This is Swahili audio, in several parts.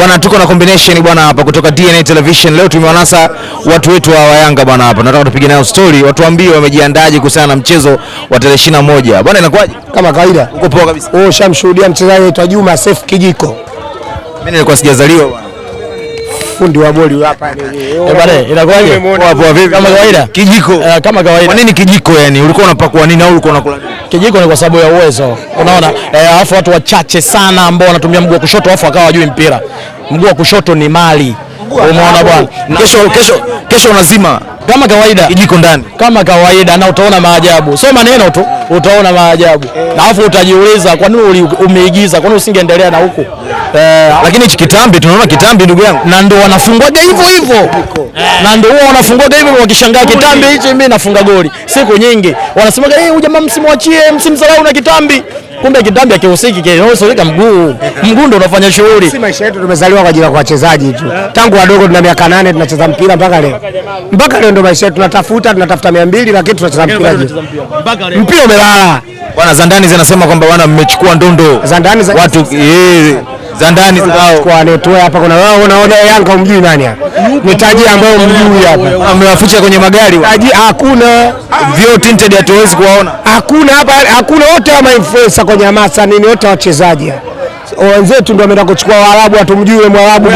Bwana tuko na combination bwana hapa kutoka DNA Television. Leo tumewanasa watu wetu wa Yanga bwana hapa. Nataka tupige nayo story, watuambie waambie wamejiandaje kuhusiana na mchezo wa tarehe ishirini moja. Bwana inakuwaje? Kama kawaida. Uko poa kabisa. Oh, shamshuhudia mchezaji wetu Juma Saif Kijiko. Mimi nilikuwa sijazaliwa bwana. Fundi wa boli hapa eh bwana, inakuwaje? Poa poa vipi? Kama kawaida. Kijiko. Uh, Kama kawaida. Kwa nini kijiko yani? Ulikuwa unapakua nini au ulikuwa unakula Kijiko ni kwa sababu ya uwezo. Unaona? Eh, alafu watu wachache sana ambao wanatumia mguu wa kushoto alafu akawa hawajui mpira mguu wa kushoto ni mali. Umeona bwana, kesho kesho kesho unazima kama kawaida, ijiko ndani kama kawaida, na utaona maajabu. Sio maneno tu, utaona maajabu na alafu utajiuliza kwa nini umeigiza, kwa nini usingeendelea na huko eh. Lakini hichi kitambi tunaona kitambi, ndugu yangu, na ndio wanafungwaga hivyo hivyo, eh. na ndio huwa wanafungwaga hivyo, wakishangaa kitambi hichi. Mimi nafunga goli siku nyingi, wanasemaga eh, huyu jamaa msimwachie, msimdharau na kitambi kumbe kitambi akihusiki kinaosoleka mguu. Mguu ndio unafanya shughuli. Si maisha yetu, tumezaliwa kwa ajili ya wachezaji tu, tangu wadogo, tuna miaka nane tunacheza mpira mpaka leo, mpaka leo ndio maisha yetu. Tunatafuta tunatafuta mia mbili, lakini tunacheza mpira. Mpira umelala bwana. Zandani zinasema kwamba wana mmechukua ndondo watu, eh za ndani zao. Kwa hapa kuna wao unaona Yanga umjui nani hapa? Ni taji ambayo mjui hapa. Amewaficha kwenye magari. Taji hakuna. Vyo tinted hatuwezi kuwaona. Hakuna hapa, hakuna wote wa influencer kwenye hamasa nini wote wachezaji hapa wenzetu ndio wameenda kuchukua Waarabu, atumjue Mwarabu.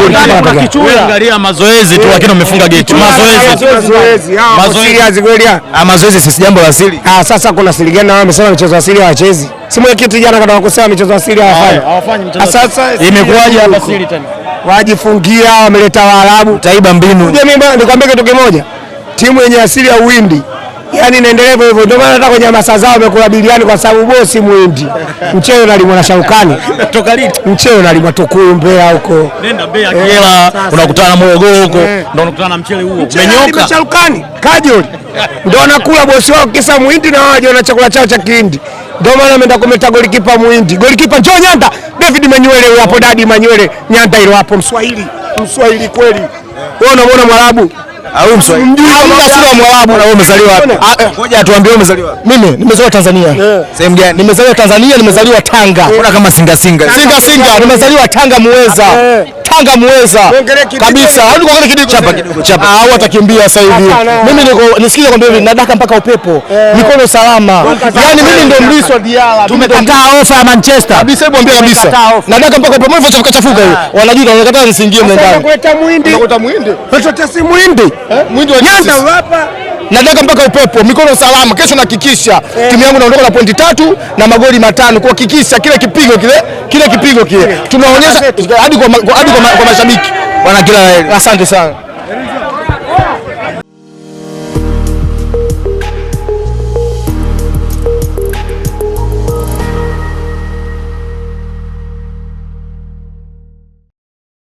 Angalia mazoezi tu, lakini umefunga geti. Mazoezi Mazoezi ah, ah. Ah, si jambo la asili. Ah, sasa kuna siri gani? Wao wamesema michezo asili hawachezi. Si mwenyekiti jana kataka kusema michezo asili hawafanyi. Sasa imekuwaje hapa siri tena? Wajifungia, wameleta Waarabu, taiba mbinu. Mimi Nikwambie kitu kimoja, timu yenye asili ya Uhindi yani naendelea hivyo hivyo. Ndio maana hata kwenye masaa zao wamekula biliani, kwa sababu bosi mwindi mchele nalimwa na Shaukani mchele nalimwa Tukuyu, Mbeya huko, nenda Mbeya kila unakutana na mogo huko, eh. ndio unakutana na mchele huo umenyoka Shaukani kajoli, ndio anakula bosi wao kisa mwindi, na waje na chakula chao cha Kihindi. Ndio maana ameenda kumeta golikipa muindi golikipa njoo Nyanda David Manywele hapo, dadi Manywele Nyanda, ile hapo, Mswahili Mswahili kweli, wewe unamwona Mwarabu au msumjui kama ah, Mimi nimezaliwa Tanzania. Eh. Sehemu gani? Nimezaliwa Tanzania, nimezaliwa Tanga. Kuna kama singa singa. Singa singa, nimezaliwa Tanga Muweza. Eh. Yanga muweza kabisa, chapa kidogo chapa, ah, au atakimbia sasa hivi. Mimi niko nisikie kwamba hivi nadaka mpaka upepo eh. mikono salama, yani mimi ndio mlisi wa Diala. Tumekataa ofa ya Manchester kabisa, hebu ambia kabisa, nadaka mpaka upepo. Mbona chafuka chafuka hiyo, ah. wanajua wanakataa nisiingie mlendani. Unakuleta muhindi, unakuleta muhindi, unachotea si muhindi, eh? muhindi wa Yanga hapa nataka mpaka upepo, mikono salama. Kesho nahakikisha eh. timu yangu naondoka na pointi tatu na magoli matano, kuhakikisha kile kipigo kile kile kipigo kile tunaonyesha hadi kwa mashabiki. wana kila asante sana.